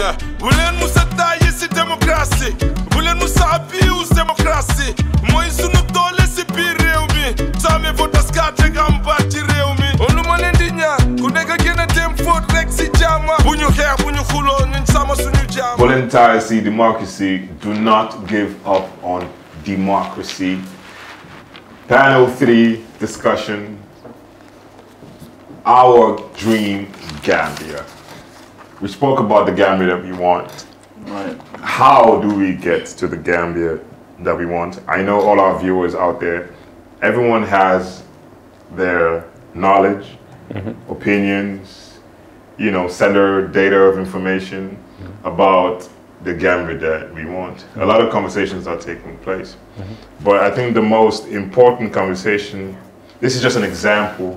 Yeah. Bu leen mu sa tàyyi si démocratie bu leen mu sa abiyu démocratie mooy sunu doole si biir réew mi saame vote askan teg am baat ci réew mi lu ma leen di ñaan ku nekk gën a dem fóot rek si jaama bu ñu xeex bu ñu xuloo ñu sama suñu jaam Volunteers democracy do not give up on democracy panel 3 discussion our dream Gambia we spoke about the Gambia that we want. Right. How do we get to the Gambia that we want? I know all our viewers out there, everyone has their knowledge, mm -hmm. opinions, you know, sender data of information mm -hmm. about the Gambia that we want. Mm -hmm. A lot of conversations are taking place. Mm-hmm. But I think the most important conversation, this is just an example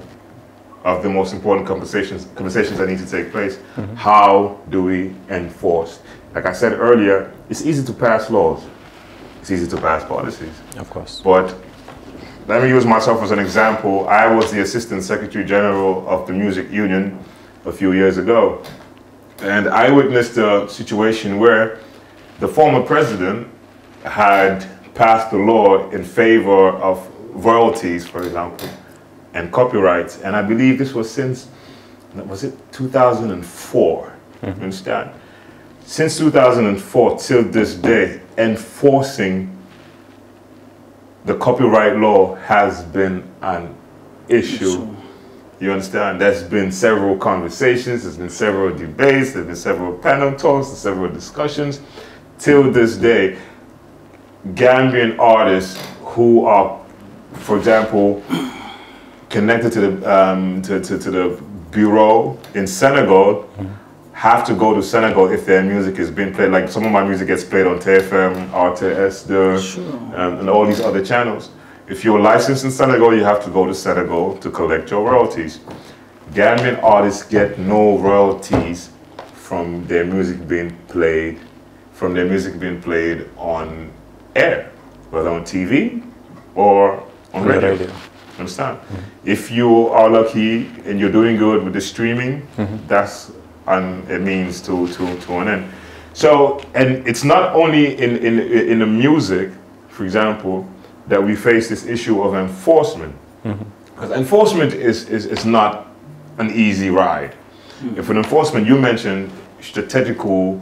of the most important conversations conversations that need to take place. Mm -hmm. How do we enforce? Like I said earlier, it's easy to pass laws. It's easy to pass policies. Of course. But let me use myself as an example. I was the assistant secretary general of the music union a few years ago. And I witnessed a situation where the former president had passed a law in favor of royalties, for example and copyrights. And I believe this was since, was it 2004? Mm-hmm. understand? Since 2004 till this day, enforcing the copyright law has been an issue. You understand? There's been several conversations, there's been several debates, there's been several panel talks, there's several discussions. Till this day, Gambian artists who are, for example, connected to the, um, to, to, to, the bureau in Senegal have to go to Senegal if their music is being played. Like some of my music gets played on TFM, RTS, the, sure. and, um, and all these other channels. If you're licensed in Senegal, you have to go to Senegal to collect your royalties. Gambian artists get no royalties from their music being played, from their music being played on air, whether on TV or on radio. radio. Understand? Mm -hmm. If you are lucky and you're doing good with the streaming, mm -hmm. that's an, a means to, to, to an end. So, and it's not only in, in, in the music, for example, that we face this issue of enforcement. Because mm -hmm. enforcement is, is, is not an easy ride. Hmm. If an enforcement, you mentioned strategical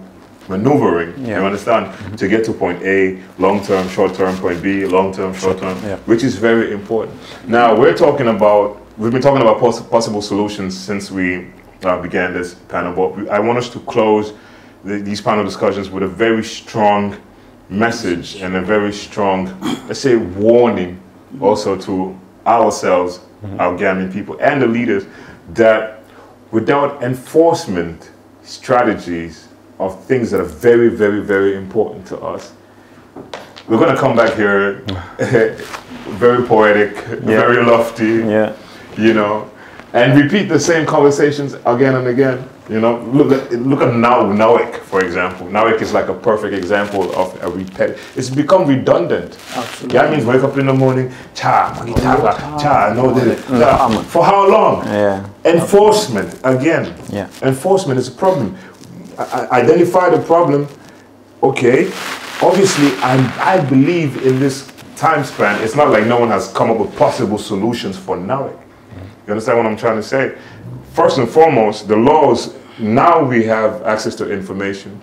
maneuvering, yeah. you understand, mm -hmm. to get to point A, long term, short term, point B, long term, short term, yeah. which is very important. Now, we're talking about, we've been talking about poss possible solutions since we uh, began this panel, but I want us to close the, these panel discussions with a very strong message and a very strong, let's say, warning also to ourselves, mm -hmm. our gambling people, and the leaders that without enforcement strategies, of things that are very, very, very important to us. We're going to come back here, very poetic, yeah. very lofty, yeah. you know, and repeat the same conversations again and again. You know, look at look at now Nowick, for example. Nowick is like a perfect example of a repeat. It's become redundant. Absolutely. Yeah, I mean, wake up in the morning, cha, magitaka, cha, no, this, For how long? Yeah. Enforcement again. Yeah. Enforcement is a problem identify the problem. Okay, obviously, I, I believe in this time span. It's not like no one has come up with possible solutions for NAWIC. You understand what I'm trying to say? First and foremost, the laws, now we have access to information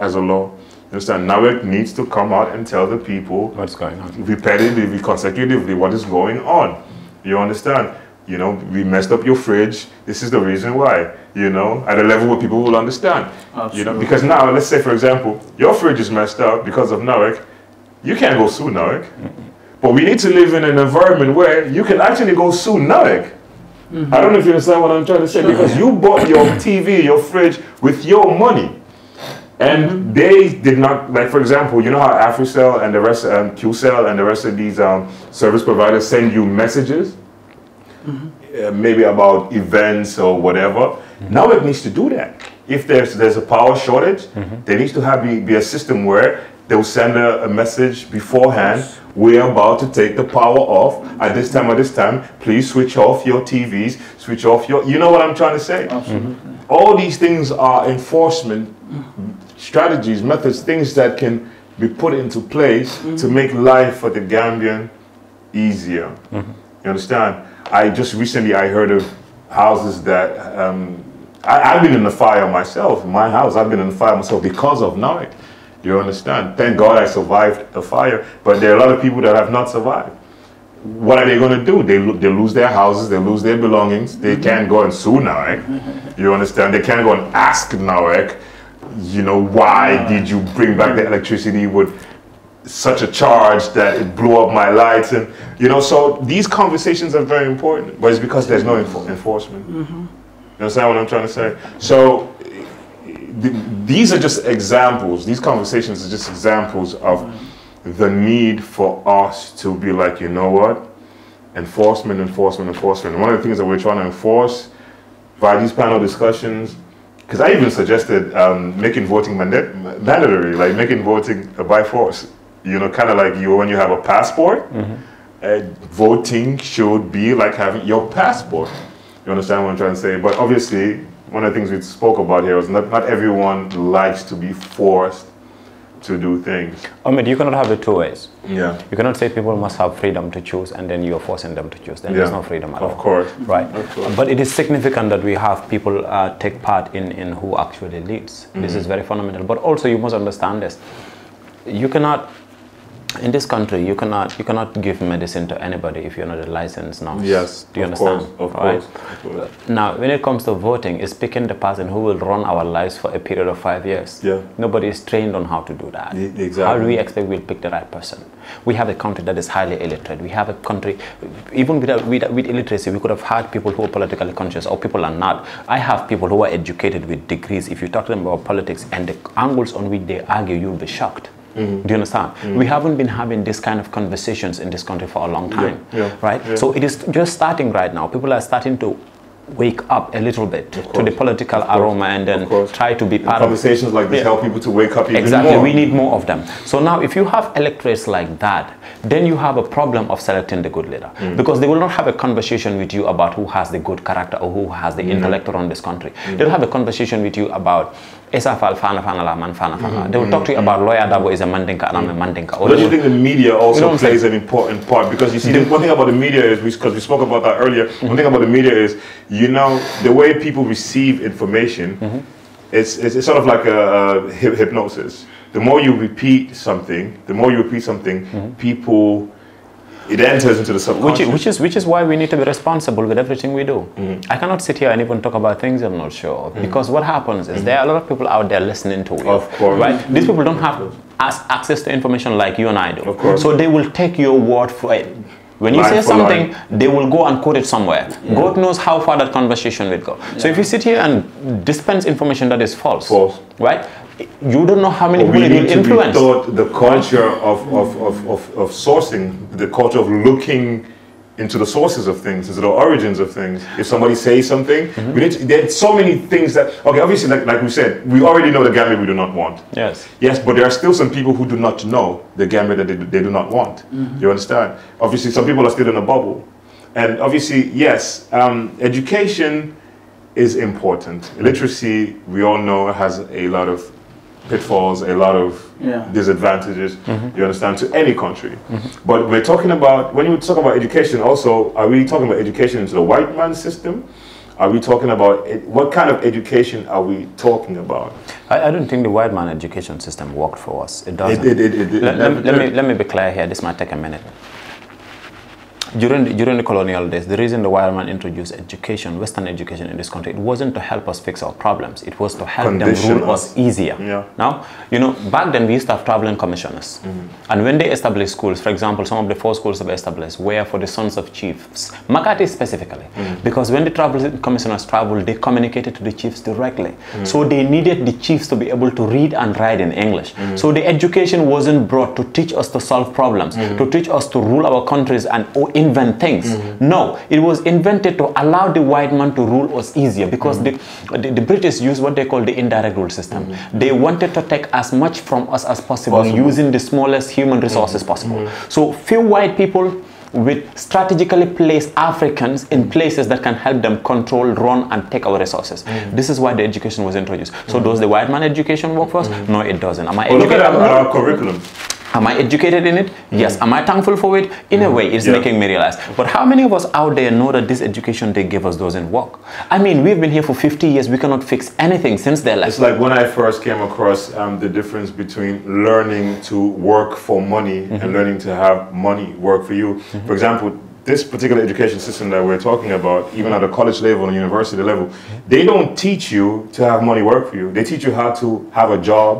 as a law. You understand? NAWIC needs to come out and tell the people what's going on repetitively, consecutively, what is going on. You understand? You know, we messed up your fridge. This is the reason why. You know, at a level where people will understand. Absolutely. You know, because now, let's say for example, your fridge is messed up because of Narek. You can't go sue Narek. But we need to live in an environment where you can actually go sue Narek. Mm -hmm. I don't know if you understand what I'm trying to say sure. because you bought your TV, your fridge with your money. And mm -hmm. they did not, like for example, you know how AfriCell and the rest, um, QCell and the rest of these um, service providers send you messages? mm -hmm. uh, maybe about events or whatever. Mm -hmm. Now it needs to do that. If there's there's a power shortage, there needs to have be, be a system where they'll send a, a message beforehand. We're about to take the power off at this time. At this time, please switch off your TVs. Switch off your. You know what I'm trying to say. All these things are enforcement strategies, methods, things that can be put into place mm -hmm. to make life for the Gambian easier. Mm -hmm. You understand? I just recently I heard of houses that um, I, have been in the fire myself. My house, I've been in the fire myself because of Narek. You understand? Thank God I survived the fire, but there are a lot of people that have not survived. What are they going to do? They, they lose their houses, they lose their belongings, they mm-hmm. can't go and sue Narek. Mm-hmm. You understand? They can't go and ask Narek, you know, why did you bring back the mm-hmm. electricity with such a charge that it blew up my lights and you know so these conversations are very important but it's because there's no enfor enforcement mm -hmm. you understand what i'm trying to say so th these are just examples these conversations are just examples of mm-hmm. the need for us to be like you know what enforcement enforcement enforcement one of the things that we're trying to enforce by these panel discussions because I even suggested um, making voting mandatory, like making voting by force you know, kind of like you when you have a passport. Mm-hmm. Uh, voting should be like having your passport. You understand what I'm trying to say? But obviously, one of the things we spoke about here was not, not everyone likes to be forced to do things. I mean, you cannot have it two ways. Yeah. You cannot say people must have freedom to choose and then you're forcing them to choose. Then yeah. there's no freedom at of Course. Right. Of course. But it is significant that we have people uh, take part in, in who actually leads. Mm-hmm. This is mm-hmm. very fundamental. But also, you must understand this. You cannot in this country you cannot you cannot give medicine to anybody if you're not a licensed nurse. yes do you of understand course, of, right? course, of course. now when it comes to voting it's picking the person who will run our lives for a period of five years yeah nobody is trained on how to do that exactly how do we expect we'll pick the right person we have a country that is highly illiterate we have a country even without, without with illiteracy we could have had people who are politically conscious or people are not i have people who are educated with degrees if you talk to them about politics and the angles on which they argue you'll be shocked Mm. Do you understand? Mm. We haven't been having this kind of conversations in this country for a long time, yeah. Yeah. right? Yeah. So it is just starting right now. People are starting to wake up a little bit to the political aroma and then try to be part and conversations of conversations like this yeah. help people to wake up exactly more. we need more of them so now if you have electorates like that then you have a problem of selecting the good leader mm. because they will not have a conversation with you about who has the good character or who has the mm. intellect around this country mm. they'll have a conversation with you about Esafal fana fana la man fana fana. Mm. They will talk to you mm. about lawyer Dabo is a Mandinka and I'm a mm. Mandinka. Don't you think the media also you know plays an important part? Because you see, the, one thing about the media is, because we, we spoke about that earlier, one thing about the media is you you know, the way people receive information, mm -hmm. it's, it's, sort of like a, a, hypnosis. The more you repeat something, the more you repeat something, mm -hmm. people, it enters into the subconscious. Which is, which, is, which is why we need to be responsible with everything we do. Mm -hmm. I cannot sit here and even talk about things I'm not sure of. Because mm-hmm. what happens is there are a lot of people out there listening to you. Of course. Right? These people don't have access to information like you and I do. Of course. So they will take your word for it. When you say something, they will go and quote it somewhere. Yeah. God knows how far that conversation will go. Yeah. So if you sit here and dispense information that is false, false. right? You don't know how many people will influence. We need to the culture of, of, of, of, of sourcing, the culture of looking into the sources of things, into the origins of things. If somebody says something, mm-hmm. we need to, there's so many things that, okay, obviously, like, like we said, we already know the gamut we do not want. Yes. Yes, but there are still some people who do not know the gamut that they, do, they do not want. Mm-hmm. You understand? Obviously, some people are still in a bubble. And obviously, yes, um, education is important. Literacy, we all know, has a lot of pitfalls, a lot of yeah. disadvantages, mm -hmm. you understand, to any country. Mm -hmm. But we're talking about, when you talk about education, also, are we talking about education into the white man system? Are we talking about what kind of education are we talking about? I, I don't think the white man education system worked for us. It doesn't. It, it, it, let, let, let, me, let me be clear here. This might take a minute during the, during the colonial days, the reason the white man introduced education, Western education in this country, it wasn't to help us fix our problems. It was to help them rule us easier. Yeah. Now, you know, back then we used to have traveling commissioners. Mm -hmm. And when they established schools, for example, some of the four schools that were established were for the sons of chiefs, Makati specifically. Mm -hmm. Because when the traveling commissioners traveled, they communicated to the chiefs directly. Mm -hmm. So they needed the chiefs to be able to read and write in English. Mm-hmm. So the education wasn't brought to teach us to solve problems, mm-hmm. to teach us to rule our countries and oh, invent things. Mm -hmm. No, it was invented to allow the white man to rule us easier because mm -hmm. the, the, the, British used what they call the indirect rule system. Mm-hmm. They wanted to take as much from us as possible, possible. using the smallest human resources mm-hmm. possible. Mm-hmm. So few white people with strategically place Africans in places that can help them control, run, and take our resources. Mm. This is why the education was introduced. So mm. does the white man education work for us? Mm. No, it doesn't. Am I well, look at our, our curriculum. Am I educated in it? Yes. Am I thankful for it? In a mm-hmm. way, it's yeah. making me realize. But how many of us out there know that this education they give us doesn't work? I mean, we've been here for 50 years. We cannot fix anything since their life. It's like when I first came across um, the difference between learning to work for money mm -hmm. and mm-hmm. learning to have money work for you. Mm -hmm. For example, this particular education system that we're talking about, even at a college level and university level, mm-hmm. they don't teach you to have money work for you. They teach you how to have a job,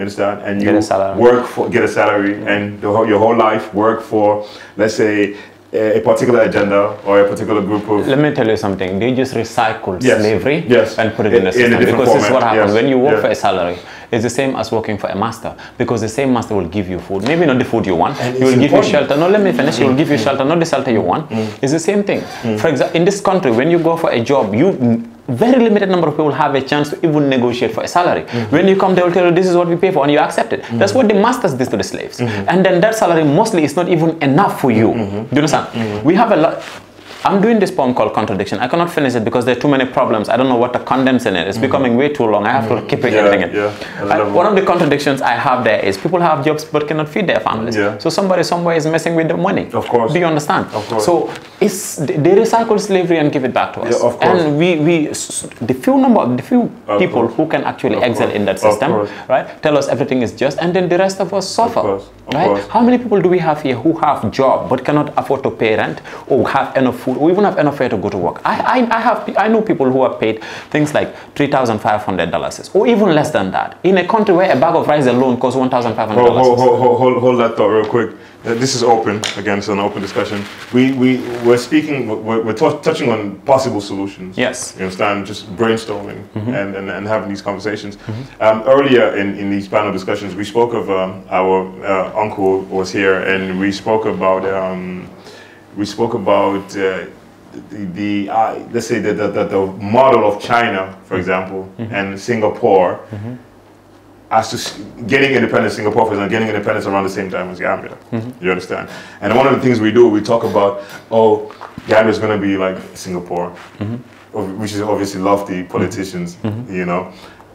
you understand? And you get a salary. work for get a salary, yeah. and whole, your whole life work for, let's say, a particular agenda or a particular group of. Let me tell you something. They just recycled yes. slavery yes. and put it in, in a system in a because format. this is what happens yes. when you work for a salary. It's the same as working for a master because the same master will give you food. Maybe not the food you want. And he will give you shelter. No, let me finish. He will give you mm. shelter, not the shelter you want. Mm. It's the same thing. Mm. For example, in this country, when you go for a job, you very limited number of people have a chance to even negotiate for a salary. Mm -hmm. When you come, they will tell you this is what we pay for, and you accept it. Mm -hmm. That's what the masters did to the slaves. Mm -hmm. And then that salary mostly is not even enough for you. Mm-hmm. Do you understand? Mm-hmm. We have a lot. I'm doing this poem called Contradiction. I cannot finish it because there are too many problems. I don't know what to condense in it. It's mm becoming way too long. I have mm to mm-hmm. keep extending yeah, it. Yeah, I, one of the contradictions I have there is people have jobs but cannot feed their families. Yeah. So somebody somewhere is messing with the money. Of course. Do you understand? Of course. So it's, they recycle slavery and give it back to us. Yeah, of course. And we, we the few number, the few of people course. who can actually of excel course. in that system, right, tell us everything is just and then the rest of us suffer. Of course. Of right? Course. How many people do we have here who have job but cannot afford to pay rent or have enough food food or even have enough air to go to work. I, I, I, have, I know people who are paid things like $3,500 or even less than that in a country where a bag of rice alone costs $1,500. Hold, hold, hold, hold, hold that thought real quick. Uh, this is open again it's an open discussion we, we we're speaking we're, we're touching on possible solutions yes you understand just brainstorming mm -hmm. and, and, and having these conversations mm -hmm. um, earlier in, in these panel discussions we spoke of um, our uh, uncle was here and we spoke about um, we spoke about uh, the, the uh, let's say the, the, the, model of China, for example, mm -hmm. and Singapore, mm -hmm. as to getting independence, Singapore, for example, getting independence around the same time as Gambia. Mm -hmm. You understand? And one of the things we do, we talk about, oh, Gambia is going to be like Singapore, mm-hmm. which is obviously lofty politicians, mm-hmm. Mm-hmm. you know.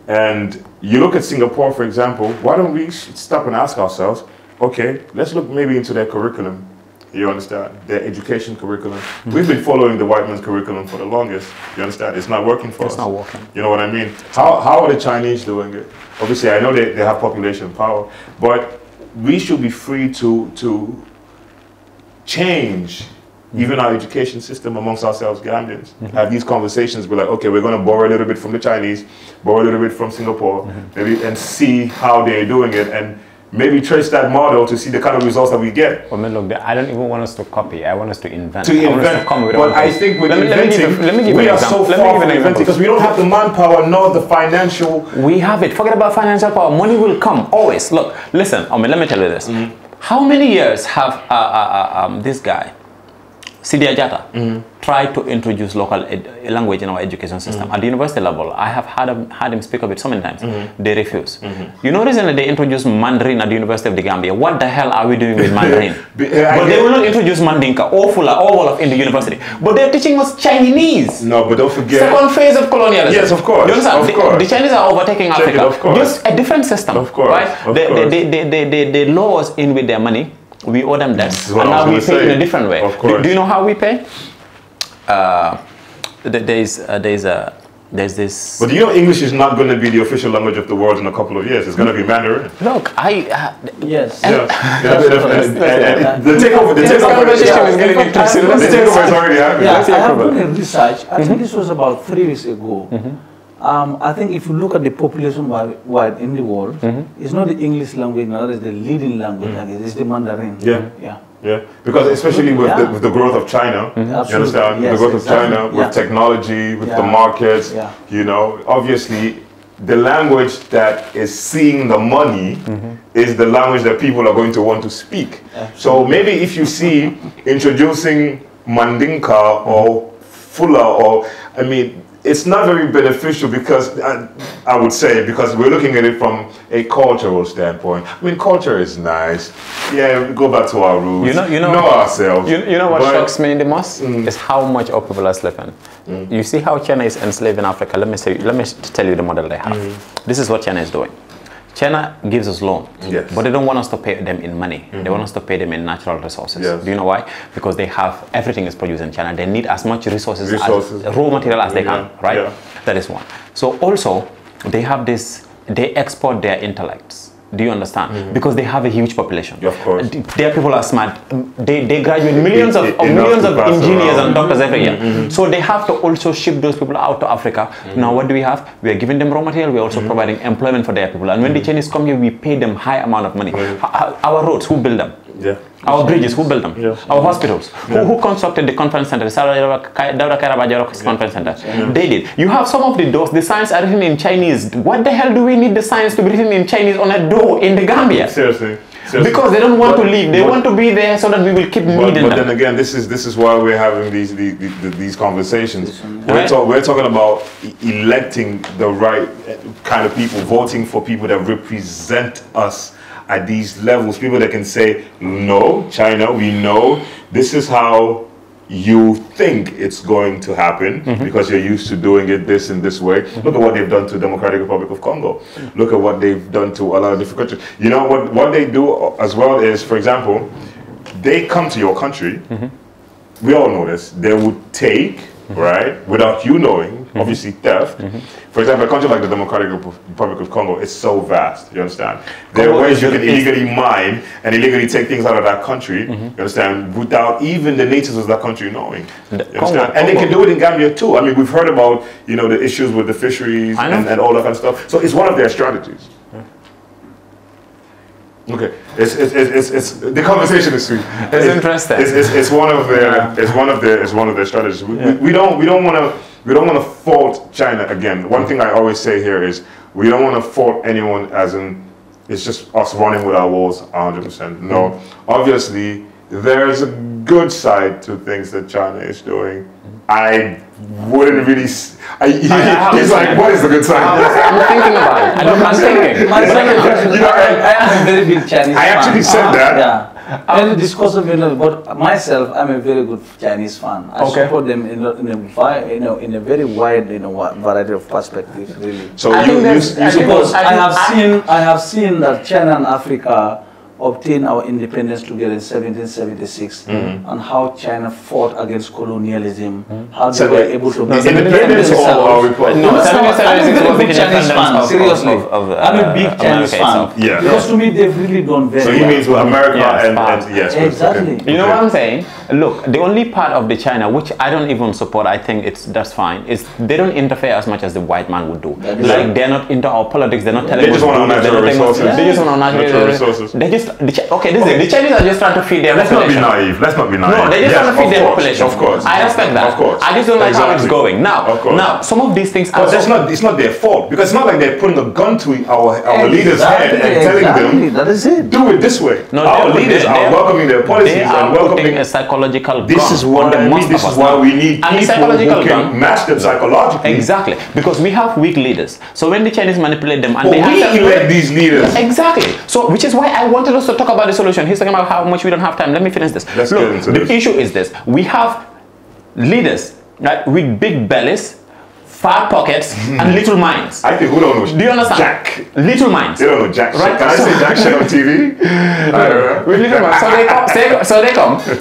And you look at Singapore, for example, why don't we stop and ask ourselves, okay, let's look maybe into their curriculum you understand? Their education curriculum. We've been following the white man's curriculum for the longest. You understand? It's not working for it's us. It's not working. You know what I mean? How, how are the Chinese doing it? Obviously, I know they, they have population power, but we should be free to, to change even our education system amongst ourselves, Gambians. Mm-hmm. Have these conversations. We're like, okay, we're going to borrow a little bit from the Chinese, borrow a little bit from Singapore, mm-hmm. maybe, and see how they're doing it. and maybe trace that model to see the kind of results that we get. Well, I look, I don't even want us to copy. I want us to invent. To invent. I to come, but I think with inventing, let me give, let me give we are example. so let far because we don't have the manpower nor the financial. We have it. Forget about financial power. Money will come always. Look, listen. I mean, let me tell you this. Mm -hmm. How many years have uh, uh, uh um, this guy? Sidia Jata mm tried to introduce local language in our education system. Mm At the university level, I have had, him, um, had him speak of it so many times. Mm -hmm. They refuse. Mm-hmm. You know, recently they introduced Mandarin at the University of the Gambia. What the hell are we doing with Mandarin? but, they will not introduce Mandinka or Fula or Wolof in the university. But they're teaching us Chinese. No, but don't forget. Second phase of colonialism. Yes, of course. You understand? Of the, course. the Chinese are overtaking Check Africa. It, of course. Just a different system. Of course. Right? Of they, course. They, they, they, they, they, they us in with their money we owe them debts, and now we pay say. in a different way. Do, do, you know how we pay? Uh, there's uh, there's uh, there's this. But you know, English is not going to be the official language of the world in a couple of years. It's going to be Mandarin. Look, I. Uh, yes. Yes. Eh, yes, the takeover. The takeover is going to be The takeover is already happening. Yeah, I have done research. I think mm-hmm. this was about three weeks ago. Mm -hmm um, I think if you look at the population wide, in the world, mm -hmm. it's not the English language now, is the leading language, mm -hmm. it's the Mandarin. Yeah. Yeah. Yeah, because especially with, yeah. the, with the growth of China, mm -hmm. you mm-hmm. understand? Yes, the growth exactly. of China, with yeah. technology, with yeah. the markets, you know, obviously the language that is seeing the money mm-hmm. is the language that people are going to want to speak. Absolutely. So maybe if you see introducing Mandinka or Fula or, I mean, it's not very beneficial because I, uh, I, would say because we're looking at it from a cultural standpoint. I mean, culture is nice. Yeah, go back to our roots. You know, you know, know ourselves. You, you know what but, shocks me the most mm. is how much our people are sleeping. Mm. You see how China is enslaving Africa. Let me say, let me tell you the model they have. Mm. This is what China is doing. China gives us loans, yes. but they don't want us to pay them in money. Mm -hmm. They mm-hmm. want us to pay them in natural resources. Yes. Do you know why? Because they have everything is produced in China. They need as much resources, resources. As, raw material as they yeah. can, right? Yeah. That is one. So also, they have this. They export their intellects. Do you understand? Mm Because they have a huge population. Of course. Their people are smart. They, they graduate millions of, millions of engineers around. and doctors every year. Mm-hmm. Mm-hmm. So they have to also ship those people out to Africa. Now what do we have? We are giving them raw material. We are also providing employment for their people. And when the Chinese come here, we pay them high amount of money. Our roads, who build them? Yeah. Our bridges, who built them? Yeah. Our hospitals. Yeah. Who, who, constructed the conference center? The Karabajarok conference center. They did. You have some of the doors, the signs are written in Chinese. What the hell do we need the signs to be written in Chinese on a door in the Gambia? Seriously. Seriously. Because they don't want but, to leave. They but, want to be there so that we will keep but, needing But them. then again, this is this is why we're having these these, these conversations. We're, right. talk, we're talking about electing the right eh, kind of people, voting for people that represent us at these levels. People that can say, no, China, we know this is how you think it's going to happen mm-hmm. because you're used to doing it this and this way. Mm-hmm. Look at what they've done to Democratic Republic of Congo. Mm-hmm. Look at what they've done to a lot of different countries. You know what? What they do as well is, for example, they come to your country. Mm-hmm. We all know this. They would take -hmm. right? Without you knowing, mm -hmm. obviously theft. Mm -hmm. For example, a country like the Democratic Republic of Congo is so vast, you understand? There are ways you can illegally mine and illegally take things out of that country, mm-hmm. you understand, without even the natives of that country knowing. you understand? Congo, and they can do it in Gambia too. I mean, we've heard about, you know, the issues with the fisheries and, and all that kind of stuff. So it's one of their strategies. Okay, it's, it's, it's, it's, the conversation is sweet. It's, interesting. It's, it's, it's one of their it's one of their it's one of the strategies. We, we, don't we don't want to we don't want to fault China again. One thing I always say here is we don't want to fault anyone as in it's just us running with our walls 100 percent. No, mm-hmm. obviously there's a good side to things that China is doing. I wouldn't really. I, he, I he's like, what is the good sign? I'm thinking about it. I am thinking. My second question. You know, I, am a very big Chinese. I actually fan. said that. Yeah. I mean, this course of you know, but myself, I'm a very good Chinese fan. I okay. support them in a, in a, you know, in a very wide, you know, variety of perspectives, really. So I you, you, you suppose I have seen, I have seen that China and Africa obtain our independence together in 1776 mm-hmm. and how China fought against colonialism, mm-hmm. how they so were able to no, independence. independence or, or, or, no, no, I'm a big Chinese fan, seriously. Of, of, uh, I'm a big America Chinese fan. Yeah. Because to me, they've really done very well. So he means well, America yes, and, and, yes. Exactly. Okay. You know what I'm saying? Look, the only part of the China which I don't even support, I think it's that's fine, is they don't interfere as much as the white man would do. Like, they're not into our politics, they're not telling us. They just want our natural resources. They just want our natural resources. They just the Ch okay, this okay. is The Chinese are just trying to feed their Let's population. not be naive. Let's not be naive. No, they're just yes, trying to feed their course, population. Of course. I respect that. Of course. I just don't like how it's going. Now, of course. now, some of these things but it's not, it's not their fault because it's not like they're putting a gun to our, our exactly, leaders' head and telling exactly. them, that is it. do it this way. No, our leaders they, are welcoming their policies they are and welcoming. a psychological This is what I mean. This is why we need people who can match psychologically. Exactly. Because we have weak leaders. So when the Chinese manipulate them and they elect these leaders. Exactly. So, which is why I wanted us to talk about the solution. He's talking about how much we don't have time. Let me finish this. Let's Look, the this. issue is this. We have leaders right, with big bellies, fat pockets, mm-hmm. and little minds. I think who don't know? Do you understand? Jack. Little minds. They don't know Jack. Right? Can I say Jack Shit on TV? I don't know. With little minds. So they come. They, so they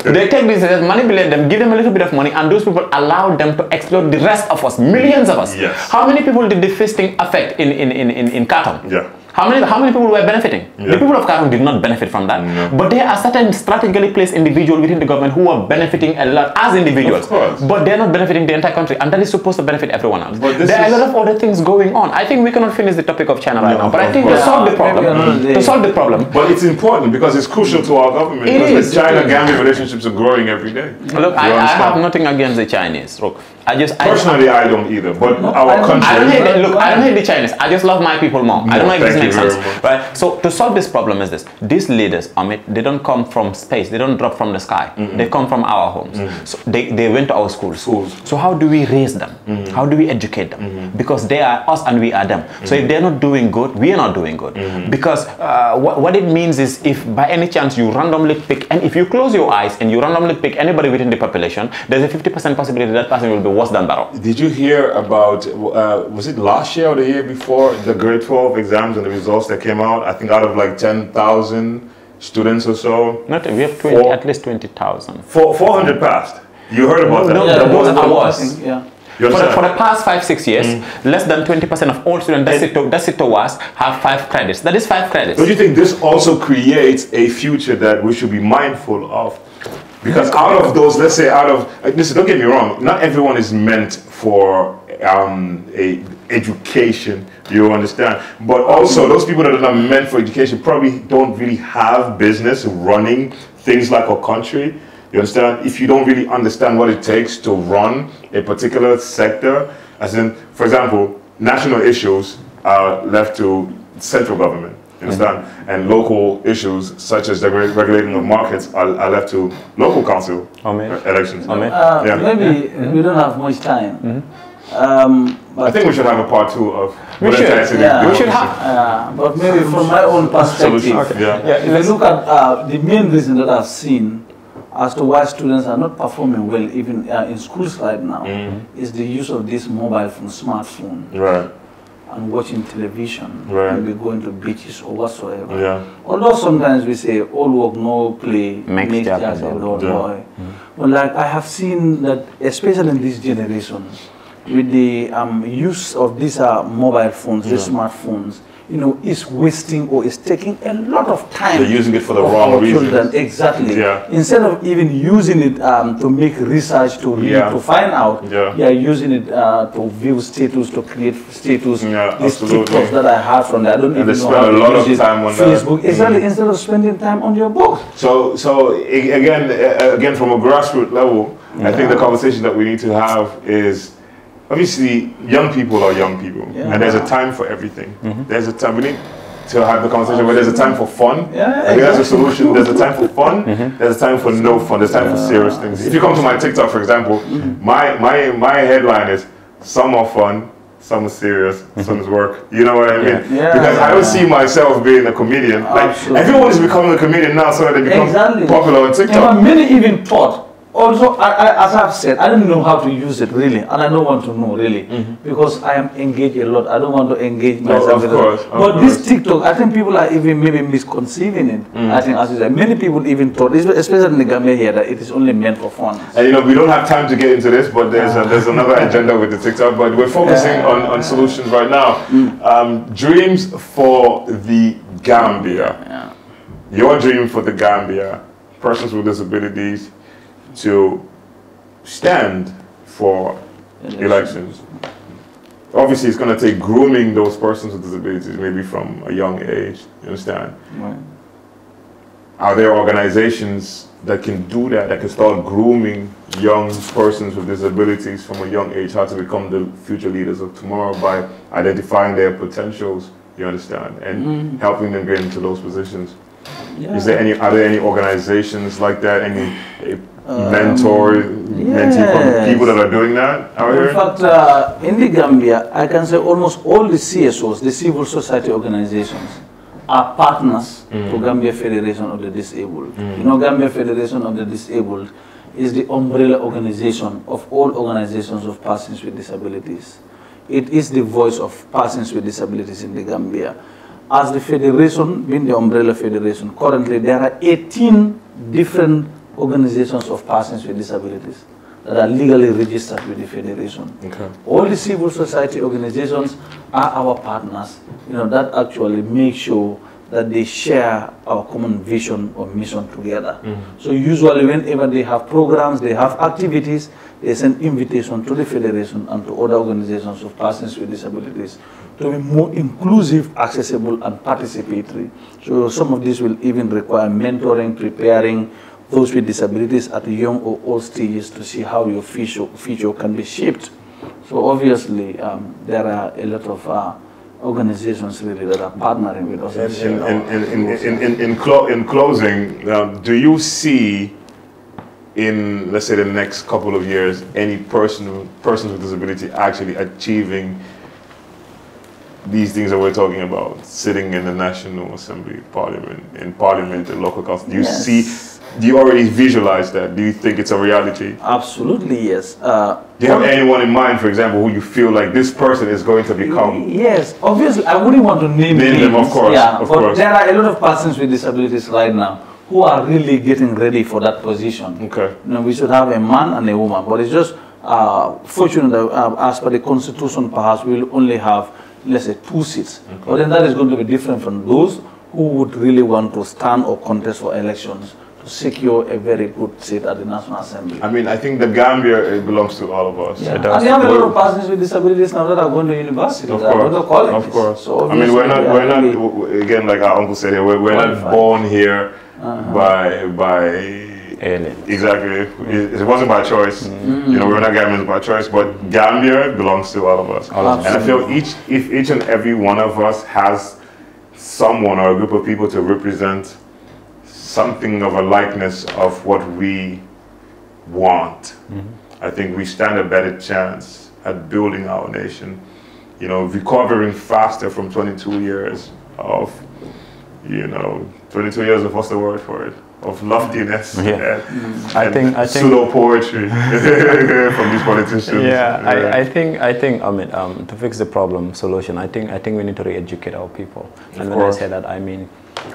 come. They take businesses, manipulate them, give them a little bit of money, and those people allow them to exploit the rest of us, millions of us. Yes. How many people did the fisting affect in in in in, in Qatar? Yeah. How many how many people were benefiting? Yeah. The people of Khartoum did not benefit from that. No. But there are certain strategically placed individuals within the government who are benefiting a lot as individuals. But they're not benefiting the entire country and that is supposed to benefit everyone else. there is... are a lot of other things going on. I think we cannot finish the topic of China no, right now. But I think to solve the problem. To solve the problem. But it's important because it's crucial to our government it because is. the China Gambia relationships are growing every day. Look, I, I have nothing against the Chinese. Look, I just personally I, I don't either, but no, our I country. I don't hate, look, I don't hate the Chinese. I just love my people more. No, I don't know if this makes sense, much. right? So to solve this problem is this: these leaders, I mean, they don't come from space. They don't drop from the sky. Mm -hmm. They come from our homes. Mm -hmm. So they, they went to our schools. schools. So how do we raise them? Mm -hmm. How do we educate them? Because they are us and we are them. So if they're not doing good, we are not doing good. Because uh, what what it means is if by any chance you randomly pick, and if you close your eyes and you randomly pick anybody within the population, there's a 50% possibility that person will be was done better. Did you hear about, uh, was it last year or the year before, the grade 12 exams and the results that came out? I think out of like 10,000 students or so. Not, we have 20, four, at least 20,000. 400 passed. You heard about no, that? No, yeah, I was. Yeah. For the, for the, past five, six years, mm. less than 20% of all students that sit to us have five credits. That is five credits. Don't you think this also creates a future that we should be mindful of? Because out of those, let's say out of, listen, don't get me wrong, not everyone is meant for um, a education, you understand? But also, those people that are not meant for education probably don't really have business running things like a country. You understand? If you don't really understand what it takes to run a particular sector, as in, for example, national issues are left to central government understand? And local issues such as the regulating of markets are, are left to local council Amen. elections. Amen. Uh, yeah. Maybe we don't have much time. Mm -hmm. um, I think we should have a part two of we should, yeah. we should have. Uh, but maybe from my own perspective, okay. yeah. Yeah, if I look at uh, the main reason that I've seen as to why students are not performing well even uh, in schools right now mm -hmm. is the use of this mobile phone, smartphone. Right and watching television right. and we going to beaches or whatsoever. Yeah. Although sometimes we say all work no play makes, makes jazz a lot yeah. Mm. But like I have seen that especially in this generation with the um, use of these uh, mobile phones, yeah. the smartphones, you know, is wasting or is taking a lot of time. They're using it for the wrong reason. Exactly. Yeah. Instead of even using it um, to make research, to read, yeah. to find out, yeah. yeah using it uh, to view status, to create status. Yeah, These absolutely. TikToks that I have from that, I don't and even they spend know how a lot of it. time on uh, Facebook. That. Exactly. Mm. Instead of spending time on your book. So, so again, again, from a grassroots level, yeah. I think the conversation that we need to have is obviously young people are young people yeah. and there's a time for everything mm -hmm. there's a time we need to have the conversation where there's a time for fun yeah, exactly. a solution there's a time for fun mm -hmm. there's a time for no fun there's time yeah. for serious things if you come to my tiktok for example mm -hmm. my my my headline is some are fun some are serious mm-hmm. some is work you know what i mean yeah. because i don't see myself being a comedian Absolutely. like everyone is becoming a comedian now so that they become exactly. popular on tiktok and many even thought also I, as I've said, I don't know how to use it really, and I don't want to know really mm -hmm. because I am engaged a lot. I don't want to engage myself. No, of course, of but course. this TikTok, I think people are even maybe misconceiving it. Mm -hmm. I think as you said, many people even thought, especially in the Gambia here, that it is only meant for fun. And you know, we don't have time to get into this, but there's a, there's another agenda with the TikTok. But we're focusing on, on solutions right now. Mm. Um, dreams for the Gambia. Yeah. Your dream for the Gambia. Persons with disabilities to stand for elections. Obviously, it's going to take grooming those persons with disabilities, maybe from a young age. You understand? Right. Are there organizations that can do that, that can start grooming young persons with disabilities from a young age, how to become the future leaders of tomorrow by identifying their potentials, you understand, and mm. helping them get into those positions? Yeah. Is there any are there any organizations like that? Any um, uh, mentor, yes. people that are doing that out in here? In fact, uh, in the Gambia, I can say almost all the CSOs, the civil society organizations, are partners mm. to Gambia Federation of the Disabled. Mm. You know, Gambia Federation of the Disabled is the umbrella organization of all organizations of persons with disabilities. It is the voice of persons with disabilities in the Gambia as the federation, being the umbrella federation, currently there are 18 different organizations of persons with disabilities that are legally registered with the federation. Okay. All the civil society organizations are our partners, you know, that actually make sure that they share our common vision or mission together. Mm -hmm. So usually whenever they have programs, they have activities, they send invitation to the federation and to other organizations of persons with disabilities to be more inclusive, accessible, and participatory. So some of these will even require mentoring, preparing those with disabilities at young or old stages to see how your feature, future can be shaped. So obviously, um, there are a lot of uh, organizations really that are partnering with us. In, in, in, in, in, closing, do you see in, let's say, the next couple of years, any person, persons with disability actually achieving these things that we're talking about, sitting in the National Assembly, Parliament, in Parliament, in local council? Do you see do you already visualize that? Do you think it's a reality? Absolutely, yes. Uh, Do you have anyone in mind, for example, who you feel like this person is going to become? Yes, obviously, I wouldn't want to name, name names, them, of course. Yeah, of but course. there are a lot of persons with disabilities right now who are really getting ready for that position. Okay. You know, we should have a man and a woman, but it's just uh, fortunate that uh, as per the constitution, perhaps we'll only have, let's say, two seats. Okay. But then that is going to be different from those who would really want to stand or contest for elections secure a very good seat at the National Assembly. I mean, I think the Gambia belongs to all of us. Yeah. And we have a lot of persons with disabilities now that are going to university, of course. going to colleges. Of course. So I mean, we're not, we're not again, like our uncle said here, we're, we're not born here uh -huh. by, by Alien. Exactly. It, it, wasn't by choice. Mm. You know, we're not Gambians by choice, but Gambia belongs to all of us. All of us. And I feel each, if each and every one of us has someone or a group of people to represent something of a likeness of what we want, mm -hmm. I think we stand a better chance at building our nation. You know, recovering faster from 22 years of, you know, 22 years of what's the word for it? Of loftiness. Yeah. And, mm. I and think. I think pseudo poetry from these politicians. Yeah, yeah. I, I, think. I think. I mean, um, to fix the problem, solution. I think. I think we need to re-educate our people. And when I say that, I mean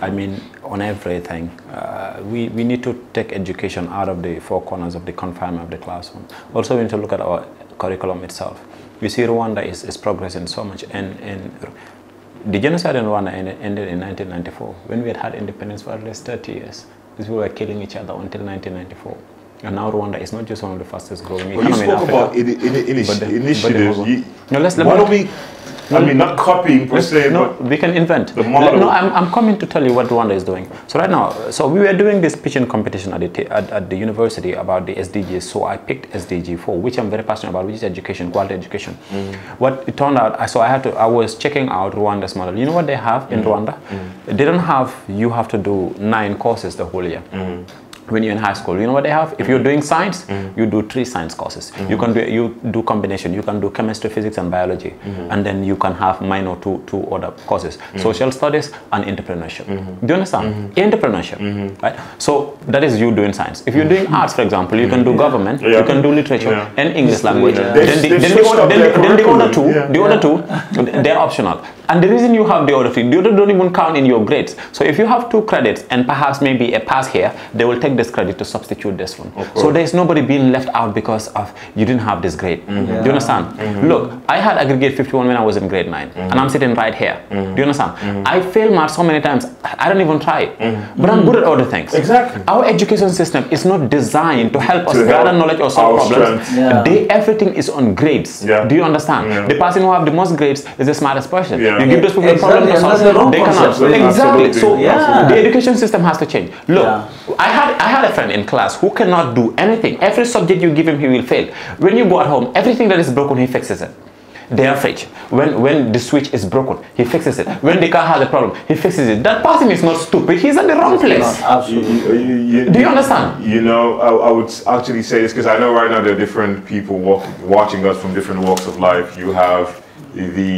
I mean, on everything. Uh, we, we need to take education out of the four corners of the confinement of the classroom. Also, we need to look at our curriculum itself. You see, Rwanda is, is progressing so much. And, and the genocide in Rwanda ended, in 1994, when we had had independence for at least 30 years. These people were killing each other until 1994. And now Rwanda is not just one of the fastest growing economies well, in Africa. You spoke about in, in, in, the, initiatives. you, no, let's, let why don't we I mean, not copying per se, no, we can invent. The model. No, I'm, I'm coming to tell you what Rwanda is doing. So right now, so we were doing this pitching competition at the, at, at the university about the SDGs. So I picked SDG 4, which I'm very passionate about, which is education, quality education. Mm. What it turned out, so I had to, I was checking out Rwanda's model. You know what they have in mm. Rwanda? Mm. They don't have, you have to do nine courses the whole year. Mm when you're in high school. You know what they have? If you're doing science, mm-hmm. you do three science courses. You mm-hmm. can do you do combination. You can do chemistry, physics, and biology, mm-hmm. and then you can have minor two two other courses: social studies and entrepreneurship. Do you understand? Entrepreneurship, right? So that is you doing science. If you're doing arts, for example, you can do government, yeah. you can do literature yeah. and English language. Then, the, then, the, then the other two, the other two, they're optional. And the reason you have the other three, the other don't even count in your grades. So if you have two credits and perhaps maybe a pass here, they will take this credit to substitute this one. So there's nobody being left out because of you didn't have this grade. Mm -hmm. Do you understand? Mm -hmm. Look, I had aggregate 51 when I was in grade 9 mm -hmm. and I'm mm-hmm. sitting right here. Do you mm-hmm. understand? Mm-hmm. I fail math so many times, I don't even try. But I'm good at other things. Exactly. Our education system is not designed to help us gather knowledge or solve problems. Yeah. They, everything is on grades. Yeah. Do you understand? Yeah. The person who have the most grades is the smartest person. You give those people exactly. a problem to solve, they cannot. Exactly. So the education system has to change. Look, I had I I had a friend in class who cannot do anything. Every subject you give him, he will fail. When you go at home, everything that is broken, he fixes it. Their fridge, when, when the switch is broken, he fixes it. When the car has a problem, he fixes it. That person is not stupid. He's in the wrong place. absolutely. You, you, you, do you understand? You know, I, I would actually say this because I know right now there are different people walk, watching us from different walks of life. You have the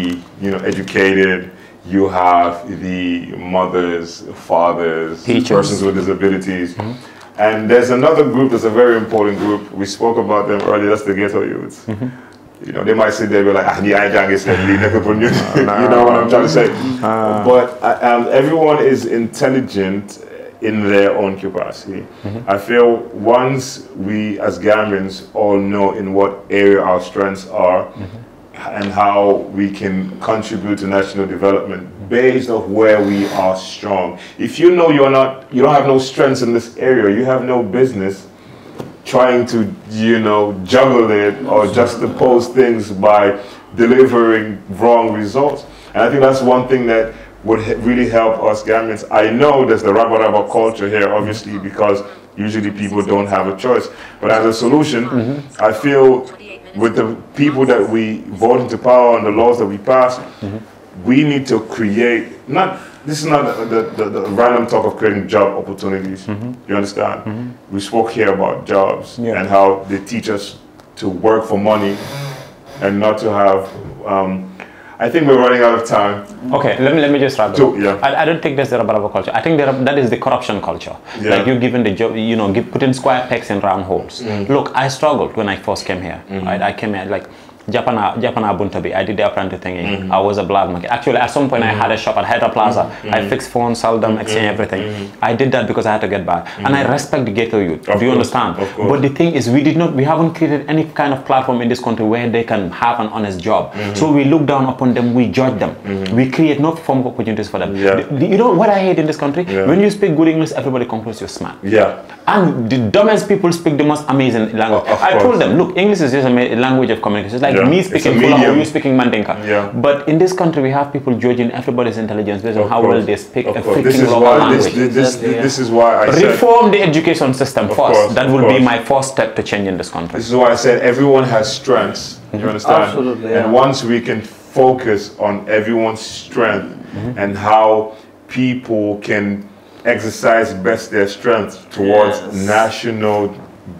you know educated you have the mothers fathers Teachers. persons with disabilities mm-hmm. And there's another group that's a very important group. We spoke about them earlier. That's the ghetto youths. Mm-hmm. you know, they might sit there and be like, ah, the I is not get You know what I'm trying to say? Ah. Uh, but um, everyone is intelligent in their own capacity. Mm-hmm. I feel once we as Gambians all know in what area our strengths are mm-hmm. and how we can contribute to national development, based of where we are strong. If you know you're not, you don't have no strengths in this area, you have no business trying to, you know, juggle it or just impose things by delivering wrong results. And I think that's one thing that would really help us Gambians. I know there's the rabba rabba culture here, obviously, because usually people don't have a choice. But as a solution, mm -hmm. I feel with the people that we vote into power and the laws that we pass, mm -hmm we need to create not this is not the, the, the random talk of creating job opportunities mm -hmm. you understand mm -hmm. we spoke here about jobs yeah. and how they teach us to work for money and not to have um, I think we're running out of time. Okay, let me let me just wrap up. yeah. I, I don't think there's the Rabaraba culture. I think that that is the corruption culture. Yeah. Like you giving the job, you know, give, putting square pegs in round holes. Mm. Look, I struggled when I first came here. Mm. Mm-hmm. Right? I came here like Japana, uh, Japana Buntabi. I did the apprentice thingy. Mm -hmm. I was a black market. Actually, at some point, mm -hmm. I had a mm-hmm. shop at Heta Plaza. Mm -hmm. I fixed phones, sell them, mm-hmm. exchange everything. Mm-hmm. I did that because I had to get by, and I respect the ghetto youth. Of do you understand? But the thing is, we did not, we haven't created any kind of platform in this country where they can have an honest job. So we look down upon them, we judge them, we create no form of opportunities for them. Yeah. The, the, you know what I hate in this country? Yeah. When you speak good English, everybody concludes you're smart. Yeah. And the dumbest people speak the most amazing language. I course. told them, look, English is just a language of communication. It's like like yeah. me speaking Fulahua, you speaking Mandinka. Yeah. But in this country, we have people judging everybody's intelligence based on how well they speak of a course. freaking this is local why, language. This, this, this, this, is why I Reform the education system first. Course, that will be my first step to change this country. This is why I said everyone has strengths. You mm-hmm. understand? Absolutely. And once we can focus on everyone's strength mm -hmm. and how people can exercise best their strength towards yes. national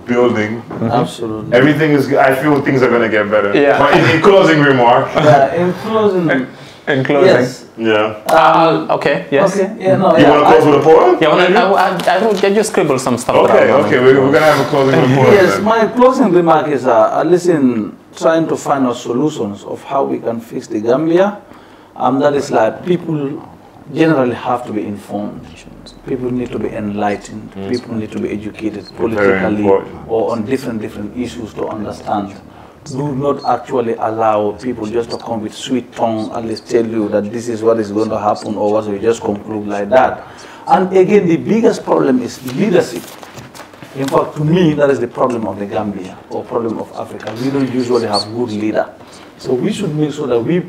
building. Absolutely. Everything is. I feel things are gonna get better. Yeah. But in, in closing remark. Yeah. In closing. In, in closing. Yes. Yeah. Um, okay. Yes. Okay. Yeah. No. You yeah, want to close I, with a poem? Yeah. Wanna, I, I, I, I, I just scribble some stuff. Okay. Okay. We're, we're gonna have a closing report. yes. Then. My closing remark is uh, listen, trying to find out solutions of how we can fix the Gambia. Um, that is like people generally have to be informed people need to be enlightened, people need to be educated politically or on different different issues to understand. Do not actually allow people just to come with sweet tongue and just tell you that this is what is going to happen or what we just conclude like that. And again, the biggest problem is leadership. In fact, to me, that is the problem of the Gambia or problem of Africa. We don't usually have good leader. So we should make sure that we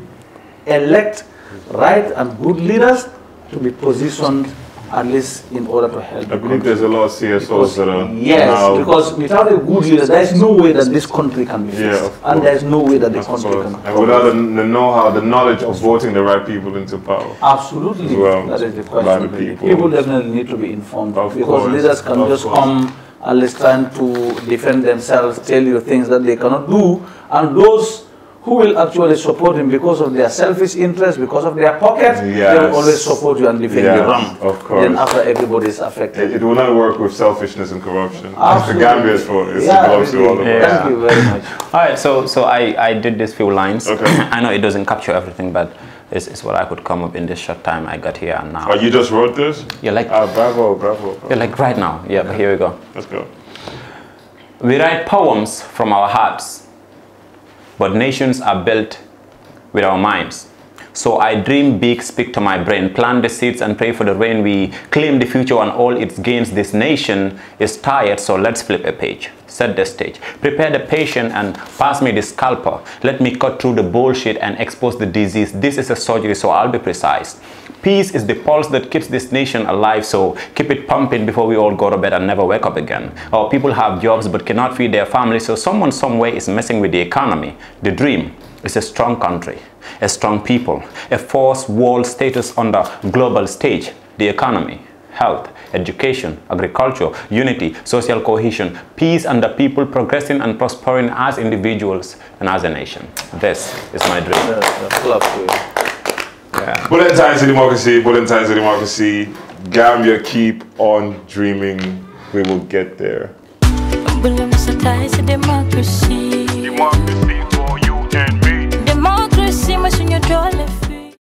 elect right and good leaders to be positioned at least in order to help. I believe there's a lot of CSOs that are Yes, now. because without a good leader, there's no way that this country can be fixed. Yeah, and there's no way that the of country course. can And without the, the know-how, the knowledge of voting the right people into power. Absolutely. Well, that is the question. The people. people. definitely need to be informed. Of because course. leaders can of just course. come and listen to defend themselves, tell you things that they cannot do. And those who will actually support him because of their selfish interest, because of their pocket, yes. they will always support you and defend yes, you wrong. Of course. Then after everybody is affected. It, it, will not work with selfishness and corruption. Absolutely. It's the Gambia's fault. It's yeah, belongs to all of yeah. us. Thank you very much. all right, so so I, I did these few lines. Okay. I know it doesn't capture everything, but it's, it's what I could come up in this short time I got here and now. Oh, you just wrote this? You're like... Ah, bravo, bravo. bravo. You're like right now. Yeah, okay. but here we go. Let's go. We write poems from our hearts but nations are built with our minds. So I dream big, speak to my brain, plant the seeds and pray for the rain. We claim the future and all its gains. This nation is tired, so let's flip a page. Set the stage. Prepare the patient and pass me the scalpel. Let me cut through the bullshit and expose the disease. This is a surgery, so I'll be precise. Peace is the pulse that keeps this nation alive, so keep it pumping before we all go to bed and never wake up again. Or people have jobs but cannot feed their families, so someone somewhere is messing with the economy. The dream is a strong country, a strong people, a force world status on the global stage, the economy, health, education, agriculture, unity, social cohesion, peace and the people progressing and prospering as individuals and as a nation. This is my dream. Yeah. Bulentine to democracy, Bulentine to democracy. Gambia, keep on dreaming. We will get there. to democracy. Democracy for you and me.